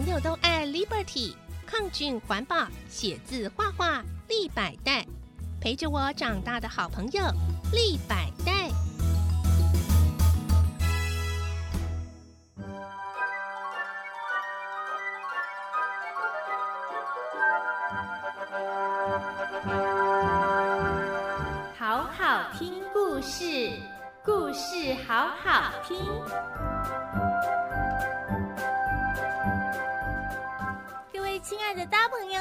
朋友都愛 Liberty，抗菌環保，寫字畫畫，利百代，陪着我長大的好朋友利百代。好好聽故事，故事好好聽。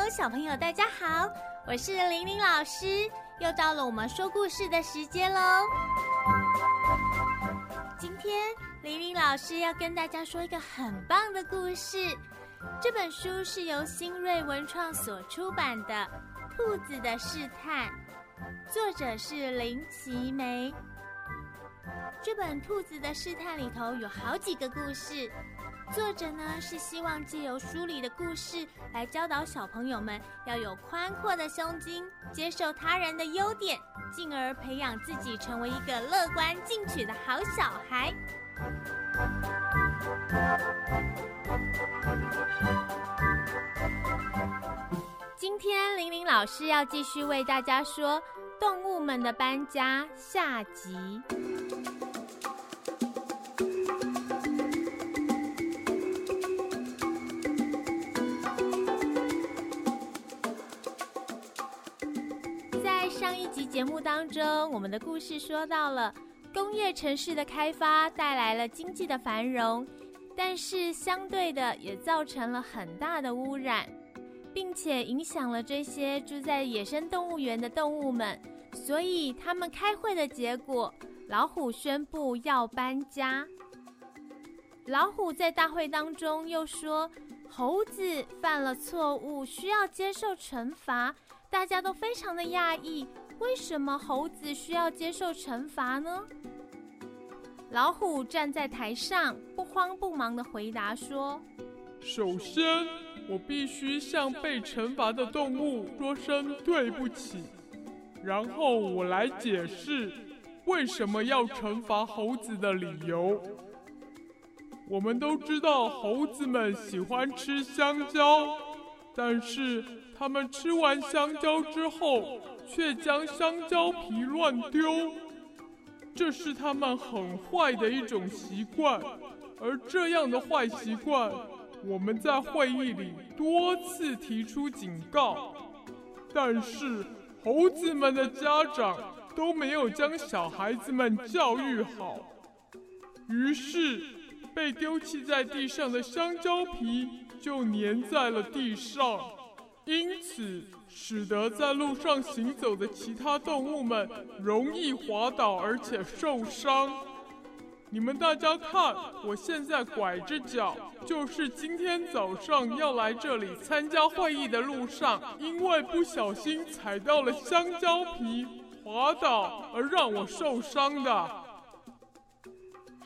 小朋友，大家好，我是玲玲老師，又到了我們說故事的時間嘍。今天玲玲老師要跟大家說一個很棒的故事，這本書是由新銳文創所出版的《兔子的試探》，作者是林奇梅。這本《兔子的試探》裡頭有好幾個故事，作者呢是希望借由書裡的故事來教導小朋友們要有寬闊的胸襟，接受他人的優點，進而培養自己成為一個樂觀進取的好小孩。今天玲玲老師要繼續為大家說《動物們的搬家》下集。集節目當中，我們的故事說到了工業城市的開發帶來了經濟的繁榮，但是相對的也造成了很大的汙染，並且影響了這些住在野生動物園的動物們。所以他們開會的結果，老虎宣布要搬家。老虎在大會當中又說，猴子犯了錯誤需要接受懲罰，大家都非常的訝異。為什麼猴子需要接受懲罰呢？老虎站在台上，不慌不忙地回答說：“首先，我必須向被懲罰的動物說聲對不起。然後我來解釋為什麼要懲罰猴子的理由。我們都知道猴子們喜歡吃香蕉，但是它們吃完香蕉之後……卻將香蕉皮亂丟，這是他們很壞的一種習慣。而這樣的壞習慣，我們在會議裡多次提出警告，但是猴子們的家長都沒有將小孩子們教育好，於是被丟棄在地上的香蕉皮就粘在了地上。因此，使得在路上行走的其他動物們容易滑倒，而且受傷。你們大家看，我現在拐着腳，就是今天早上要來這裡參加會議的路上，因為不小心踩到了香蕉皮，滑倒而讓我受傷的。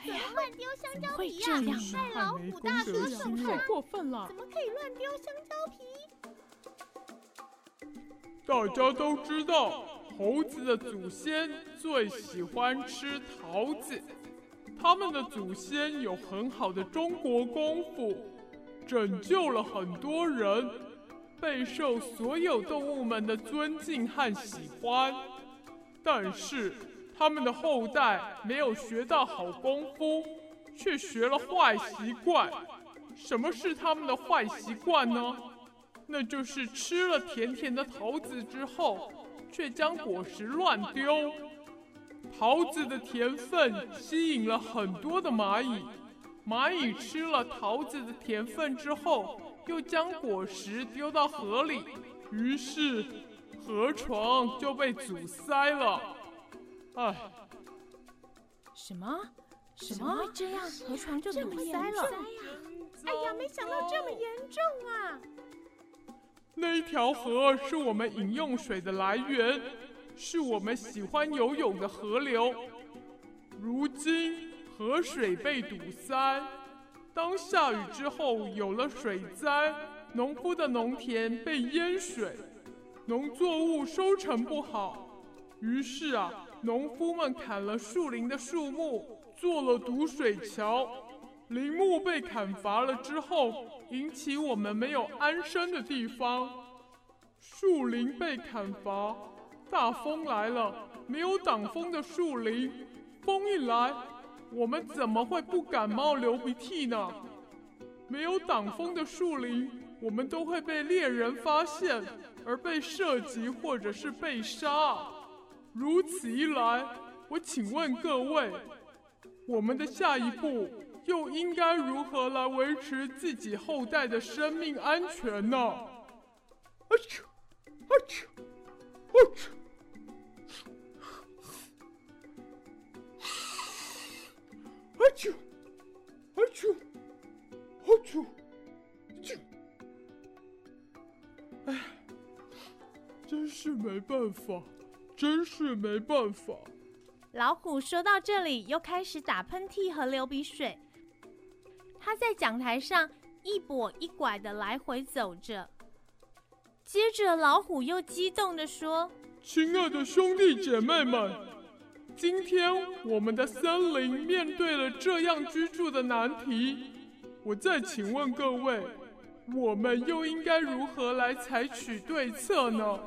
怎麼亂丟香蕉皮呀？老虎大哥，太過分了，怎麼可以亂丟香蕉皮？大家都知道，猴子的祖先最喜歡吃桃子。他們的祖先有很好的中國功夫，拯救了很多人，備受所有動物們的尊敬和喜歡。但是，他們的後代沒有學到好功夫，卻學了壞習慣。什麼是他們的壞習慣呢？那就是吃了甜甜的桃子之後，卻將果實亂丟。桃子的甜分吸引了很多的螞蟻，螞蟻吃了桃子的甜分之後，又將果實丟到河裡，於是河床就被阻塞了。哎，什麼？什麼？什麼會這樣？河床就被阻塞了？哎呀，哎呀，沒想到這麼嚴重啊！那一條河是我們飲用水的來源，是我們喜歡游泳的河流。如今河水被堵塞，當下雨之後有了水災，農夫的農田被淹水，農作物收成不好。於是啊，農夫們砍了樹林的樹木，做了堵水橋。林木被砍伐了之後，引起我們沒有安身的地方。樹林被砍伐，大風來了，沒有擋風的樹林，風一來，我們怎麼會不感冒、流鼻涕呢？沒有擋風的樹林，我們都會被獵人發現，而被射擊或者是被殺。如此一來，我請問各位，我們的下一步？又應該如何來維持自己後代的生命安全呢？哈啾，哈啾，哈啾，哈啾，唉，真是沒辦法，真是沒辦法。老虎說到這裡，又開始打噴嚏和流鼻水。他在講台上一跛一拐地來回走着。接着，老虎又激動地說：“親愛的兄弟姐妹們，今天我們的森林面對了這樣居住的難題，我再請問各位，我們又應該如何來採取對策呢？”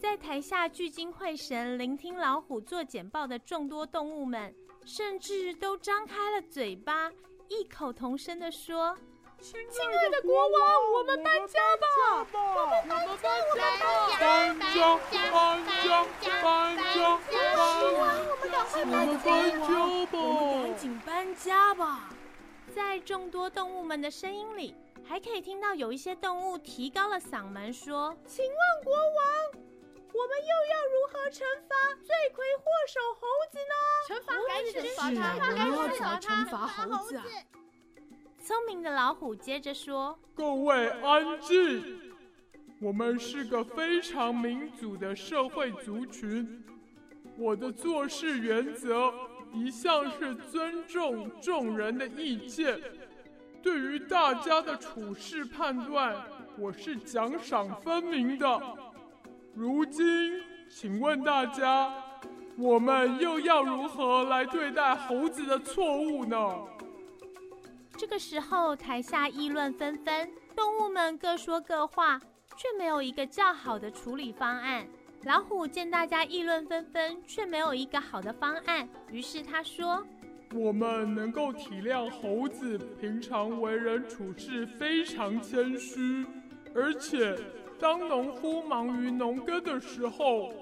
在台下聚精會神聆聽老虎做簡報的眾多動物們，甚至都張開了嘴巴。異口同聲地說：“親愛的國王，我們搬家吧！我們搬家，我們搬家，搬家，搬家，搬家，搬家！十萬，我們趕快搬家吧！我們搬家吧，我們趕緊搬家吧！”在眾多動物們的聲音裡，還可以聽到有一些動物提高了嗓門說：“請問國王。”我們又要如何懲罰罪魁禍首猴子呢？懲罰，該懲罰他，該懲罰懲罰猴子。聰明的老虎接着說：“各位安靜，我們是個非常民主的社會族群。我的做事原則一向是尊重眾人的意見，對於大家的處事判斷，我是獎賞分明的。”如今，請問大家，我們又要如何來對待猴子的錯誤呢？這個時候，台下議論紛紛，動物們各說各話，卻沒有一個較好的處理方案。老虎見大家議論紛紛，卻沒有一個好的方案，於是他說：“我們能夠體諒猴子平常為人處事非常謙虛，而且……”當農夫忙於農耕的時候，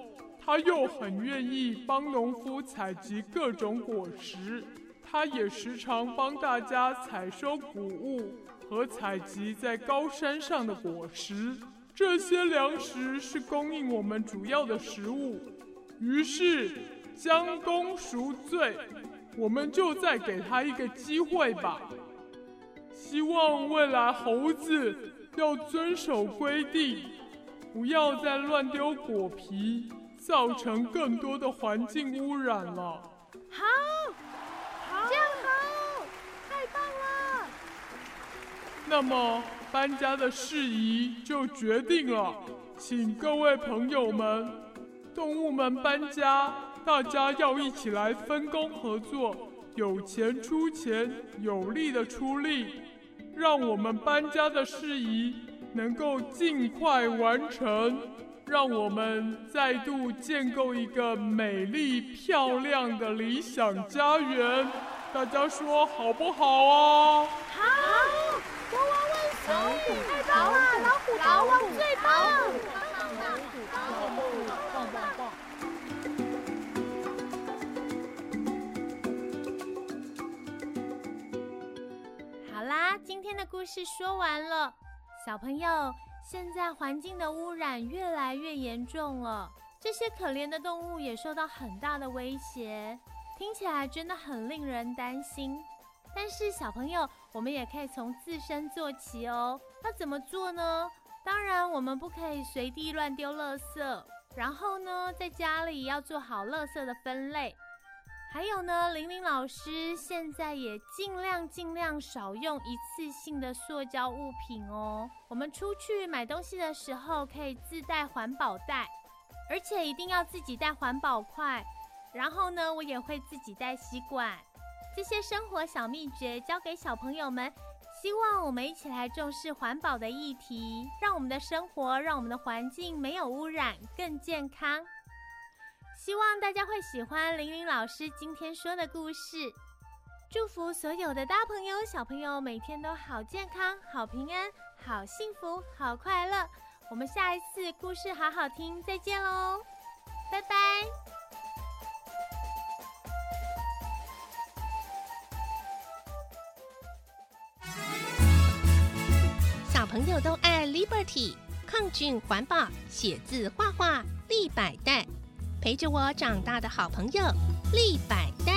他又很願意幫農夫採集各種果實。他也時常幫大家採收穀物和採集在高山上的果實。這些糧食是供應我們主要的食物。於是，將功贖罪，我們就再給他一個機會吧。希望未來猴子，要遵守規定，不要再亂丟果皮，造成更多的環境污染了。好，好，這樣好，太棒了。那麼搬家的事宜就決定了，請各位朋友們，動物們搬家，大家要一起來分工合作，有錢出錢，有力的出力。讓我們搬家的事宜能夠盡快完成，讓我們再度建構一個美麗漂亮的理想家園。大家說好不好啊？好！國王萬歲！老虎：“太棒了，老虎國王最棒。”故事說完了，小朋友，現在環境的污染越來越嚴重了，這些可憐的動物也受到很大的威脅，聽起來真的很令人擔心。但是，小朋友，我們也可以從自身做起哦。那怎麼做呢？當然，我們不可以隨地亂丟垃圾，然後呢，在家裡要做好垃圾的分類。還有呢，玲玲老師現在也盡量盡量少用一次性的塑膠物品哦。我們出去買東西的時候可以自帶環保袋，而且一定要自己帶環保筷。然後呢，我也會自己帶吸管。這些生活小秘訣教給小朋友們，希望我們一起來重視環保的議題，讓我們的生活，讓我們的環境沒有污染，更健康。希望大家會喜歡玲玲老師今天說的故事。祝福所有的大朋友、小朋友每天都好健康、好平安、好幸福、好快樂。我們下一次故事好好聽，再見嘍，拜拜。小朋友都愛 Liberty，抗菌環保，寫字畫畫立百代。陪着我長大的好朋友，立百丹。